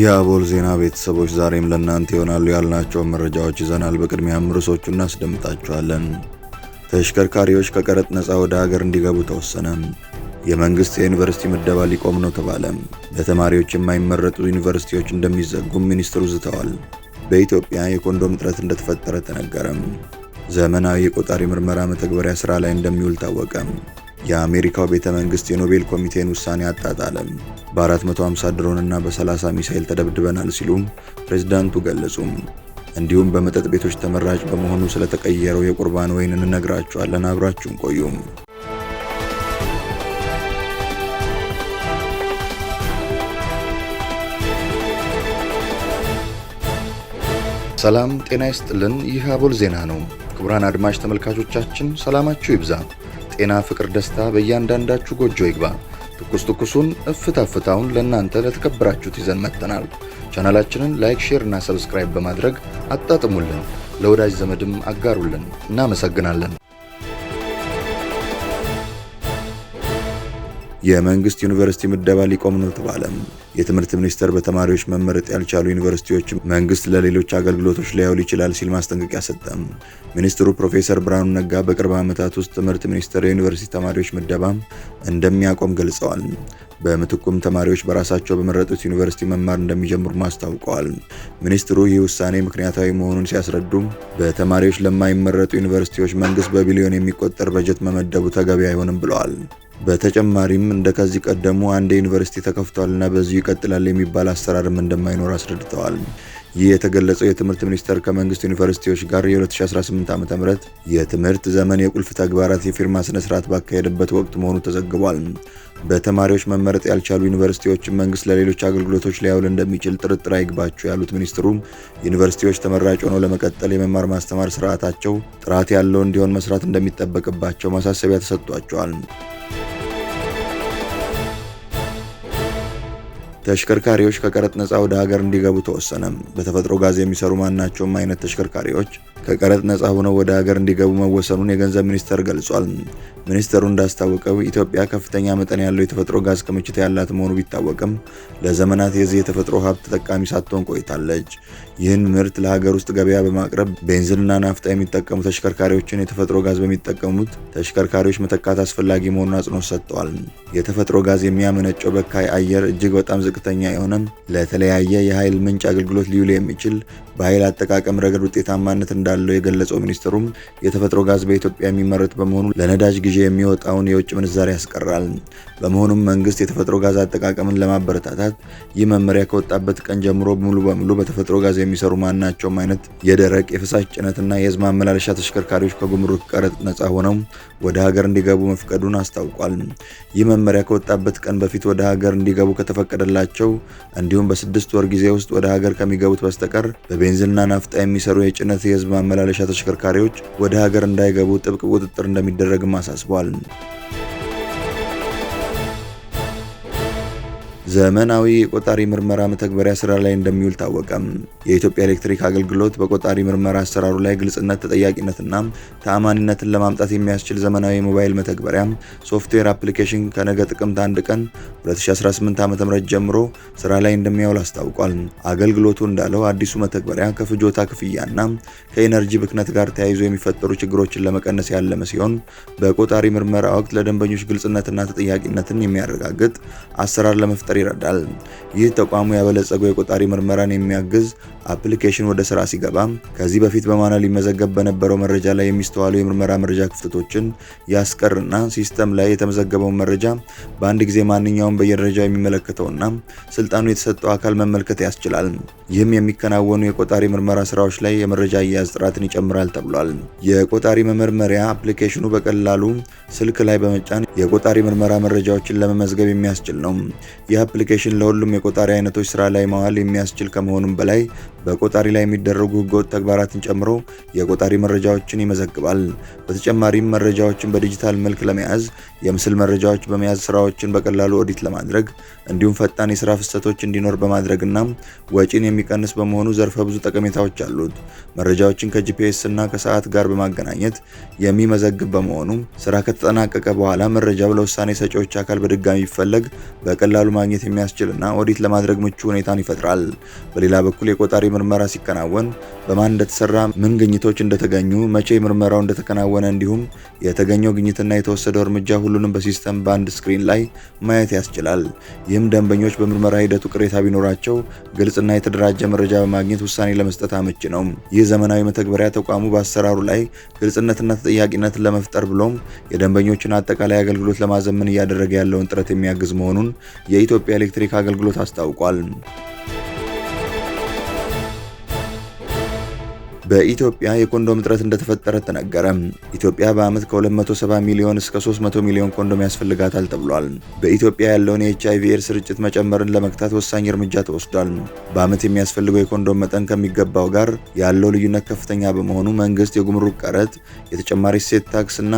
የአቦል ዜና ቤተሰቦች ዛሬም ለእናንተ ይሆናሉ ያልናቸውን መረጃዎች ይዘናል። በቅድሚያም ርዕሶቹ እናስደምጣቸዋለን። ተሽከርካሪዎች ከቀረጥ ነፃ ወደ ሀገር እንዲገቡ ተወሰነ። የመንግሥት የዩኒቨርሲቲ ምደባ ሊቆም ነው ተባለ። ለተማሪዎች የማይመረጡ ዩኒቨርሲቲዎች እንደሚዘጉም ሚኒስትሩ ዝተዋል። በኢትዮጵያ የኮንዶም እጥረት እንደተፈጠረ ተነገረም። ዘመናዊ የቆጣሪ ምርመራ መተግበሪያ ሥራ ላይ እንደሚውል ታወቀም። የአሜሪካው ቤተ መንግስት የኖቤል ኮሚቴን ውሳኔ አጣጣለም። በ450 ድሮንና በ30 ሚሳይል ተደብድበናል ሲሉም ፕሬዝዳንቱ ገለጹም። እንዲሁም በመጠጥ ቤቶች ተመራጭ በመሆኑ ስለተቀየረው የቁርባን ወይን እንነግራችኋለን። አብራችሁን ቆዩም። ሰላም ጤና ይስጥልን። ይህ አቦል ዜና ነው። ክቡራን አድማጭ ተመልካቾቻችን ሰላማችሁ ይብዛ ጤና፣ ፍቅር፣ ደስታ በእያንዳንዳችሁ ጎጆ ይግባ። ትኩስ ትኩሱን እፍታ ፍታውን ለእናንተ ለተከበራችሁት ይዘን መጥተናል። ቻናላችንን ላይክ፣ ሼር እና ሰብስክራይብ በማድረግ አጣጥሙልን፣ ለወዳጅ ዘመድም አጋሩልን። እናመሰግናለን። የመንግስት ዩኒቨርሲቲ ምደባ ሊቆም ነው ተባለ። የትምህርት ሚኒስቴር በተማሪዎች መመረጥ ያልቻሉ ዩኒቨርሲቲዎች መንግስት ለሌሎች አገልግሎቶች ሊያውል ይችላል ሲል ማስጠንቀቂያ ሰጠም። ሚኒስትሩ ፕሮፌሰር ብርሃኑ ነጋ በቅርብ ዓመታት ውስጥ ትምህርት ሚኒስቴር የዩኒቨርሲቲ ተማሪዎች ምደባ እንደሚያቆም ገልጸዋል። በምትኩም ተማሪዎች በራሳቸው በመረጡት ዩኒቨርሲቲ መማር እንደሚጀምሩ ማስታውቀዋል። ሚኒስትሩ ይህ ውሳኔ ምክንያታዊ መሆኑን ሲያስረዱ በተማሪዎች ለማይመረጡ ዩኒቨርሲቲዎች መንግስት በቢሊዮን የሚቆጠር በጀት መመደቡ ተገቢ አይሆንም ብለዋል። በተጨማሪም እንደ ከዚህ ቀደሙ አንድ ዩኒቨርሲቲ ተከፍቷልና በዚሁ ይቀጥላል የሚባል አሰራርም እንደማይኖር አስረድተዋል። ይህ የተገለጸው የትምህርት ሚኒስቴር ከመንግስት ዩኒቨርሲቲዎች ጋር የ2018 ዓ ም የትምህርት ዘመን የቁልፍ ተግባራት የፊርማ ስነ ስርዓት ባካሄደበት ወቅት መሆኑ ተዘግቧል። በተማሪዎች መመረጥ ያልቻሉ ዩኒቨርሲቲዎችን መንግስት ለሌሎች አገልግሎቶች ሊያውል እንደሚችል ጥርጥር አይግባቸው ያሉት ሚኒስትሩም ዩኒቨርሲቲዎች ተመራጭ ሆነው ለመቀጠል የመማር ማስተማር ስርዓታቸው ጥራት ያለው እንዲሆን መስራት እንደሚጠበቅባቸው ማሳሰቢያ ተሰጥቷቸዋል። ተሽከርካሪዎች ከቀረጥ ነፃ ወደ ሀገር እንዲገቡ ተወሰነ። በተፈጥሮ ጋዝ የሚሰሩ ማናቸውም አይነት ተሽከርካሪዎች ከቀረጥ ነፃ ሆነው ወደ ሀገር እንዲገቡ መወሰኑን የገንዘብ ሚኒስቴር ገልጿል። ሚኒስቴሩ እንዳስታወቀው ኢትዮጵያ ከፍተኛ መጠን ያለው የተፈጥሮ ጋዝ ክምችት ያላት መሆኑ ቢታወቅም ለዘመናት የዚህ የተፈጥሮ ሀብት ተጠቃሚ ሳትሆን ቆይታለች። ይህን ምርት ለሀገር ውስጥ ገበያ በማቅረብ ቤንዚንና ናፍጣ የሚጠቀሙ ተሽከርካሪዎችን የተፈጥሮ ጋዝ በሚጠቀሙት ተሽከርካሪዎች መተካት አስፈላጊ መሆኑን አጽንኦት ሰጥተዋል። የተፈጥሮ ጋዝ የሚያመነጨው በካይ አየር እጅግ በጣም ዝቅተኛ የሆነም ለተለያየ የኃይል ምንጭ አገልግሎት ሊውል የሚችል በኃይል አጠቃቀም ረገድ ውጤታማነት እንዳለው የገለጸው ሚኒስትሩም የተፈጥሮ ጋዝ በኢትዮጵያ የሚመረት በመሆኑ ለነዳጅ ጊዜ የሚወጣውን የውጭ ምንዛሪ ያስቀራል። በመሆኑም መንግስት የተፈጥሮ ጋዝ አጠቃቀምን ለማበረታታት ይህ መመሪያ ከወጣበት ቀን ጀምሮ ሙሉ በሙሉ በተፈጥሮ ጋዝ የሚሰሩ ማናቸውም አይነት የደረቅ የፈሳሽ ጭነትና የህዝብ ማመላለሻ ተሽከርካሪዎች ከጉምሩክ ቀረጥ ነፃ ሆነው ወደ ሀገር እንዲገቡ መፍቀዱን አስታውቋል። ይህ መመሪያ ከወጣበት ቀን በፊት ወደ ሀገር እንዲገቡ ከተፈቀደላቸው እንዲሁም በስድስት ወር ጊዜ ውስጥ ወደ ሀገር ከሚገቡት በስተቀር በቤ በቤንዚንና ናፍጣ የሚሰሩ የጭነት የህዝብ ማመላለሻ ተሽከርካሪዎች ወደ ሀገር እንዳይገቡ ጥብቅ ቁጥጥር እንደሚደረግም አሳስቧል። ዘመናዊ የቆጣሪ ምርመራ መተግበሪያ ስራ ላይ እንደሚውል ታወቀም። የኢትዮጵያ ኤሌክትሪክ አገልግሎት በቆጣሪ ምርመራ አሰራሩ ላይ ግልጽነት፣ ተጠያቂነትና ተአማኒነትን ለማምጣት የሚያስችል ዘመናዊ የሞባይል መተግበሪያ ሶፍትዌር አፕሊኬሽን ከነገ ጥቅምት 1 ቀን 2018 ዓ.ም ጀምሮ ስራ ላይ እንደሚያውል አስታውቋል። አገልግሎቱ እንዳለው አዲሱ መተግበሪያ ከፍጆታ ክፍያና ከኢነርጂ ብክነት ጋር ተያይዞ የሚፈጠሩ ችግሮችን ለመቀነስ ያለመ ሲሆን በቆጣሪ ምርመራ ወቅት ለደንበኞች ግልጽነትና ተጠያቂነትን የሚያረጋግጥ አሰራር ለመፍጠር ይረዳል። ይህ ተቋሙ ያበለጸገው የቆጣሪ ምርመራን የሚያግዝ አፕሊኬሽን ወደ ስራ ሲገባም ከዚህ በፊት በማና ሊመዘገብ በነበረው መረጃ ላይ የሚስተዋሉ የምርመራ መረጃ ክፍተቶችን ያስቀርና ሲስተም ላይ የተመዘገበውን መረጃ በአንድ ጊዜ ማንኛውም በየደረጃው የሚመለከተውና ስልጣኑ የተሰጠው አካል መመልከት ያስችላል። ይህም የሚከናወኑ የቆጣሪ ምርመራ ስራዎች ላይ የመረጃ አያያዝ ጥራትን ይጨምራል ተብሏል። የቆጣሪ መመርመሪያ አፕሊኬሽኑ በቀላሉ ስልክ ላይ በመጫን የቆጣሪ ምርመራ መረጃዎችን ለመመዝገብ የሚያስችል ነው። ይህ አፕሊኬሽን ለሁሉም የቆጣሪ አይነቶች ስራ ላይ መዋል የሚያስችል ከመሆኑም በላይ በቆጣሪ ላይ የሚደረጉ ህገወጥ ተግባራትን ጨምሮ የቆጣሪ መረጃዎችን ይመዘግባል። በተጨማሪም መረጃዎችን በዲጂታል መልክ ለመያዝ የምስል መረጃዎች በመያዝ ስራዎችን በቀላሉ ኦዲት ለማድረግ እንዲሁም ፈጣን የስራ ፍሰቶች እንዲኖር በማድረግና ወጪን የሚቀንስ በመሆኑ ዘርፈ ብዙ ጠቀሜታዎች አሉት። መረጃዎችን ከጂፒኤስ እና ከሰዓት ጋር በማገናኘት የሚመዘግብ በመሆኑ ስራ ከተጠናቀቀ በኋላ መረጃው ለውሳኔ ሰጪዎች አካል በድጋሚ ይፈለግ በቀላሉ ማግኘት የሚያስችልና ኦዲት ለማድረግ ምቹ ሁኔታን ይፈጥራል። በሌላ በኩል የቆጣሪ ምርመራ ሲከናወን በማን እንደተሰራ፣ ምን ግኝቶች እንደተገኙ፣ መቼ ምርመራው እንደተከናወነ እንዲሁም የተገኘው ግኝትና የተወሰደው እርምጃ ሁሉንም በሲስተም በአንድ ስክሪን ላይ ማየት ያስችላል። ይህም ደንበኞች በምርመራ ሂደቱ ቅሬታ ቢኖራቸው ግልጽና የተደራጀ መረጃ በማግኘት ውሳኔ ለመስጠት አመች ነው። ይህ ዘመናዊ መተግበሪያ ተቋሙ በአሰራሩ ላይ ግልጽነትና ተጠያቂነትን ለመፍጠር ብሎም የደንበኞችን አጠቃላይ አገልግሎት ለማዘመን እያደረገ ያለውን ጥረት የሚያግዝ መሆኑን የኢትዮጵያ ኤሌክትሪክ አገልግሎት አስታውቋል። በኢትዮጵያ የኮንዶም እጥረት እንደተፈጠረ ተነገረ። ኢትዮጵያ በዓመት ከ270 ሚሊዮን እስከ 300 ሚሊዮን ኮንዶም ያስፈልጋታል ተብሏል። በኢትዮጵያ ያለውን የኤችአይቪ ኤድስ ስርጭት መጨመርን ለመግታት ወሳኝ እርምጃ ተወስዷል። በዓመት የሚያስፈልገው የኮንዶም መጠን ከሚገባው ጋር ያለው ልዩነት ከፍተኛ በመሆኑ መንግስት የጉምሩክ ቀረጥ፣ የተጨማሪ እሴት ታክስና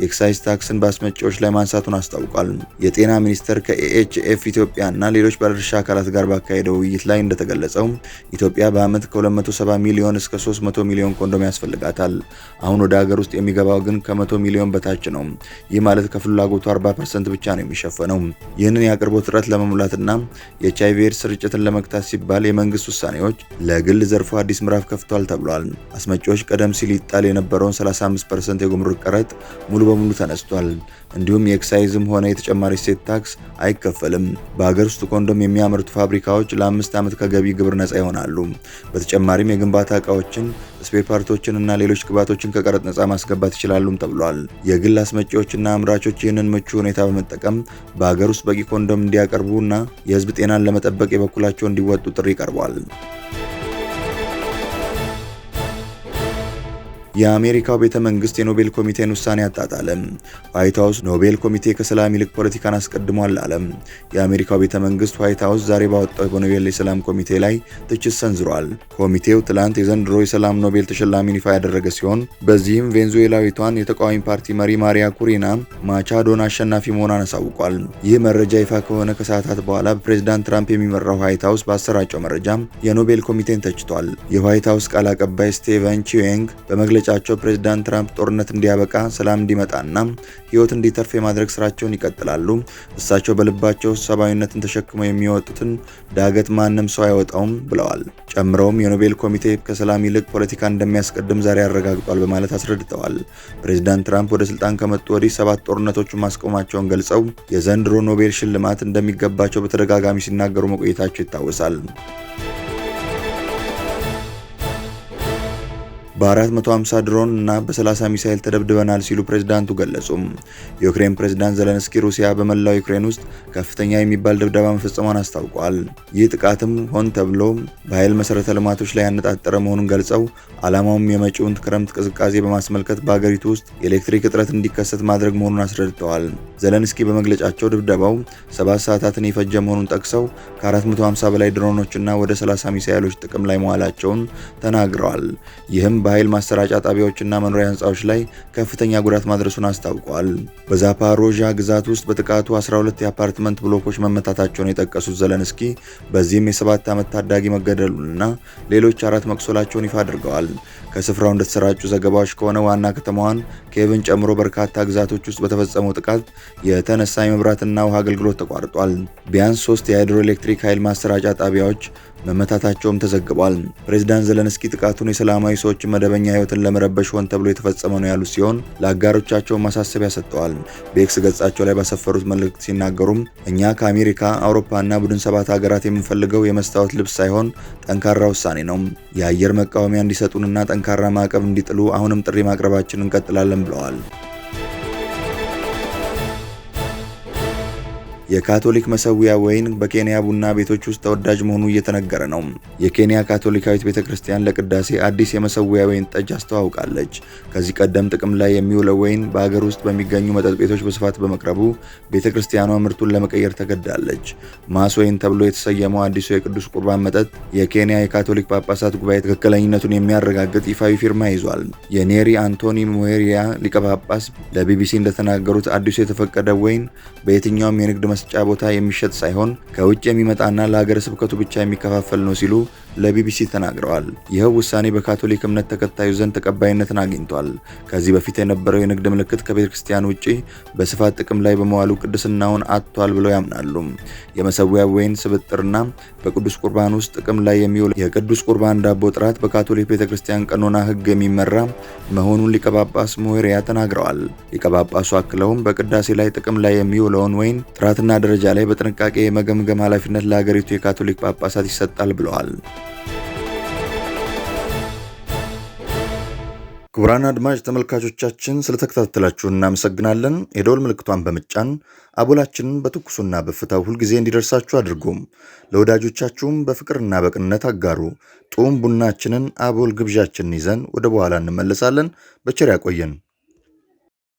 የኤክሳይዝ ታክስን በአስመጪዎች ላይ ማንሳቱን አስታውቋል። የጤና ሚኒስቴር ከኤኤችኤፍ ኢትዮጵያና ሌሎች ባለድርሻ አካላት ጋር ባካሄደው ውይይት ላይ እንደተገለጸው ኢትዮጵያ በዓመት ከ270 ሚሊዮን እስከ 100 ሚሊዮን ኮንዶም ያስፈልጋታል። አሁን ወደ ሀገር ውስጥ የሚገባው ግን ከ100 ሚሊዮን በታች ነው። ይህ ማለት ከፍላጎቱ 40 ብቻ ነው የሚሸፈነው። ይህንን የአቅርቦት እጥረት ለመሙላትና የኤች ኤድስ ስርጭትን ለመግታት ሲባል የመንግስት ውሳኔዎች ለግል ዘርፉ አዲስ ምዕራፍ ከፍቷል ተብሏል። አስመጪዎች ቀደም ሲል ይጣል የነበረውን 35 ፐርሰንት የጉምሩክ ቀረጥ ሙሉ በሙሉ ተነስቷል። እንዲሁም የኤክሳይዝም ሆነ የተጨማሪ ሴት ታክስ አይከፈልም። በሀገር ውስጥ ኮንዶም የሚያመርቱ ፋብሪካዎች ለአምስት ዓመት ከገቢ ግብር ነጻ ይሆናሉ። በተጨማሪም የግንባታ እቃዎችን ስፔር ፓርቶችን እና ሌሎች ግብዓቶችን ከቀረጥ ነጻ ማስገባት ይችላሉም ተብሏል። የግል አስመጪዎችና አምራቾች ይህንን ምቹ ሁኔታ በመጠቀም በሀገር ውስጥ በቂ ኮንዶም እንዲያቀርቡ እና የህዝብ ጤናን ለመጠበቅ የበኩላቸው እንዲወጡ ጥሪ ቀርቧል። የአሜሪካው ቤተ መንግስት የኖቤል ኮሚቴን ውሳኔ አጣጣለም። ዋይት ሀውስ ኖቤል ኮሚቴ ከሰላም ይልቅ ፖለቲካን አስቀድሟል አለም። የአሜሪካው ቤተ መንግስት ዋይት ሀውስ ዛሬ ባወጣው በኖቤል የሰላም ኮሚቴ ላይ ትችት ሰንዝሯል። ኮሚቴው ትላንት የዘንድሮ የሰላም ኖቤል ተሸላሚን ይፋ ያደረገ ሲሆን በዚህም ቬንዙዌላዊቷን የተቃዋሚ ፓርቲ መሪ ማሪያ ኩሪና ማቻዶን አሸናፊ መሆኗን አሳውቋል። ይህ መረጃ ይፋ ከሆነ ከሰዓታት በኋላ በፕሬዚዳንት ትራምፕ የሚመራው ዋይት ሀውስ ባሰራጨው መረጃ የኖቤል ኮሚቴን ተችቷል። የዋይት ሀውስ ቃል አቀባይ ስቴቨን ቺዌንግ በመግለጫ መግለጫቸው ፕሬዚዳንት ትራምፕ ጦርነት እንዲያበቃ ሰላም እንዲመጣና ህይወት እንዲተርፍ የማድረግ ስራቸውን ይቀጥላሉ። እሳቸው በልባቸው ሰብአዊነትን ተሸክመው የሚወጡትን ዳገት ማንም ሰው አይወጣውም ብለዋል። ጨምረውም የኖቤል ኮሚቴ ከሰላም ይልቅ ፖለቲካ እንደሚያስቀድም ዛሬ አረጋግጧል በማለት አስረድተዋል። ፕሬዚዳንት ትራምፕ ወደ ስልጣን ከመጡ ወዲህ ሰባት ጦርነቶች ማስቆማቸውን ገልጸው የዘንድሮ ኖቤል ሽልማት እንደሚገባቸው በተደጋጋሚ ሲናገሩ መቆየታቸው ይታወሳል። በ450 ድሮን እና በ30 ሚሳይል ተደብድበናል ሲሉ ፕሬዝዳንቱ ገለጹ። የዩክሬን ፕሬዝዳንት ዘለንስኪ ሩሲያ በመላው ዩክሬን ውስጥ ከፍተኛ የሚባል ድብደባ መፈጸሟን አስታውቋል። ይህ ጥቃትም ሆን ተብሎ በኃይል መሰረተ ልማቶች ላይ ያነጣጠረ መሆኑን ገልጸው ዓላማውም የመጪውን ክረምት ቅዝቃዜ በማስመልከት በሀገሪቱ ውስጥ የኤሌክትሪክ እጥረት እንዲከሰት ማድረግ መሆኑን አስረድተዋል። ዘለንስኪ በመግለጫቸው ድብደባው ሰባት ሰዓታትን የፈጀ መሆኑን ጠቅሰው ከ450 በላይ ድሮኖችና ወደ 30 ሚሳይሎች ጥቅም ላይ መዋላቸውን ተናግረዋል። ይህም በ በኃይል ማሰራጫ ጣቢያዎችና መኖሪያ ህንፃዎች ላይ ከፍተኛ ጉዳት ማድረሱን አስታውቋል። በዛፓሮዣ ግዛት ውስጥ በጥቃቱ 12 የአፓርትመንት ብሎኮች መመታታቸውን የጠቀሱት ዘለንስኪ በዚህም የሰባት ዓመት ታዳጊ መገደሉንና ሌሎች አራት መቁሰላቸውን ይፋ አድርገዋል። ከስፍራው እንደተሰራጩ ዘገባዎች ከሆነ ዋና ከተማዋን ኬቭን ጨምሮ በርካታ ግዛቶች ውስጥ በተፈጸመው ጥቃት የተነሳ የመብራትና ውሃ አገልግሎት ተቋርጧል። ቢያንስ ሶስት የሃይድሮኤሌክትሪክ ኃይል ማሰራጫ ጣቢያዎች መመታታቸውም ተዘግቧል። ፕሬዚዳንት ዘለንስኪ ጥቃቱን የሰላማዊ ሰዎችን መደበኛ ህይወትን ለመረበሽ ሆን ተብሎ የተፈጸመ ነው ያሉት ሲሆን ለአጋሮቻቸው ማሳሰቢያ ሰጥተዋል። በኤክስ ገጻቸው ላይ ባሰፈሩት መልእክት ሲናገሩም እኛ ከአሜሪካ አውሮፓና ቡድን ሰባት ሀገራት የምንፈልገው የመስታወት ልብስ ሳይሆን ጠንካራ ውሳኔ ነው። የአየር መቃወሚያ እንዲሰጡንና ጠንካራ ማዕቀብ እንዲጥሉ አሁንም ጥሪ ማቅረባችን እንቀጥላለን ብለዋል። የካቶሊክ መሰዊያ ወይን በኬንያ ቡና ቤቶች ውስጥ ተወዳጅ መሆኑ እየተነገረ ነው። የኬንያ ካቶሊካዊት ቤተ ክርስቲያን ለቅዳሴ አዲስ የመሰዊያ ወይን ጠጅ አስተዋውቃለች። ከዚህ ቀደም ጥቅም ላይ የሚውለው ወይን በአገር ውስጥ በሚገኙ መጠጥ ቤቶች በስፋት በመቅረቡ ቤተ ክርስቲያኗ ምርቱን ለመቀየር ተገዳለች። ማስ ወይን ተብሎ የተሰየመው አዲሱ የቅዱስ ቁርባን መጠጥ የኬንያ የካቶሊክ ጳጳሳት ጉባኤ ትክክለኝነቱን የሚያረጋግጥ ይፋዊ ፊርማ ይዟል። የኔሪ አንቶኒ ሞሄሪያ ሊቀ ጳጳስ ለቢቢሲ እንደተናገሩት አዲሱ የተፈቀደ ወይን በየትኛውም የንግድ መ መስጫ ቦታ የሚሸጥ ሳይሆን ከውጭ የሚመጣና ለሀገረ ስብከቱ ብቻ የሚከፋፈል ነው ሲሉ ለቢቢሲ ተናግረዋል። ይህ ውሳኔ በካቶሊክ እምነት ተከታዩ ዘንድ ተቀባይነትን አግኝቷል። ከዚህ በፊት የነበረው የንግድ ምልክት ከቤተክርስቲያን ውጪ በስፋት ጥቅም ላይ በመዋሉ ቅድስናውን አጥቷል ብለው ያምናሉ። የመሰዊያ ወይን ስብጥርና በቅዱስ ቁርባን ውስጥ ጥቅም ላይ የሚውል የቅዱስ ቁርባን ዳቦ ጥራት በካቶሊክ ቤተክርስቲያን ቀኖና ሕግ የሚመራ መሆኑን ሊቀጳጳስ መሆሪያ ሞሄሪያ ተናግረዋል። ሊቀ አክለውም በቅዳሴ ላይ ጥቅም ላይ የሚውለውን ወይን ጥራትና ደረጃ ላይ በጥንቃቄ የመገምገም ኃላፊነት ለሀገሪቱ የካቶሊክ ጳጳሳት ይሰጣል ብለዋል። ክቡራን አድማጭ ተመልካቾቻችን ስለተከታተላችሁ እናመሰግናለን። የደወል ምልክቷን በምጫን አቦላችንን በትኩሱና በእፍታው ሁልጊዜ እንዲደርሳችሁ አድርጉም። ለወዳጆቻችሁም በፍቅርና በቅንነት አጋሩ። ጡም ቡናችንን አቦል ግብዣችንን ይዘን ወደ በኋላ እንመለሳለን። በቸር ያቆየን።